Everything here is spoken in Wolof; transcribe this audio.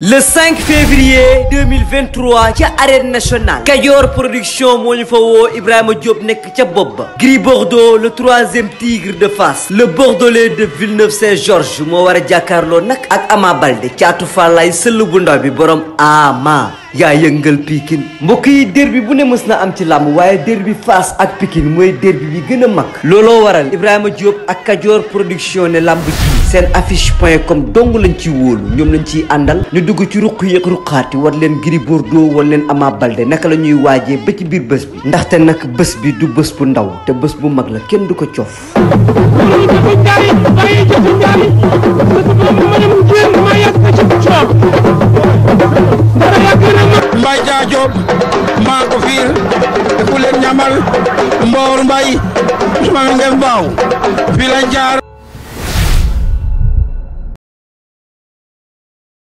le 5 février 2023 ca arène national Kajoor production moo ñu fa woo Ibrahima Diop nekk ca bopp ba Gris Bordeaux le troisième tigre de Fass le bordelais de Villeneuve Saint-Georges moo war a jàkkaarloo nag ak Ama Baldé caatu Fallaye sëll bu ndaw bi borom Ama yaa yëngal pikin mbokk yi derbi bu ne mës na am ci làmb waaye derbi Fass ak pikin mooy derbi bi gën a mag looloo waral Ibrahima Diop ak Kajoor production ne làmb ji seen affiche point com dong lañ ci wóolu ñoom lañ ciy àndal ñu dugg ci ruq yeeg ruqaati war leen Gris Bordeaux war leen amaa balde naka la ñuy waajee ba ci biir bés bi ndaxte nag bës bi du bës bu ndaw te bës bu mag la kenn du ko cof Mbaye Dia Diop maa ko fiir ku leen ñamal Mboor Mbaye su ma ngeen baaw fii jaar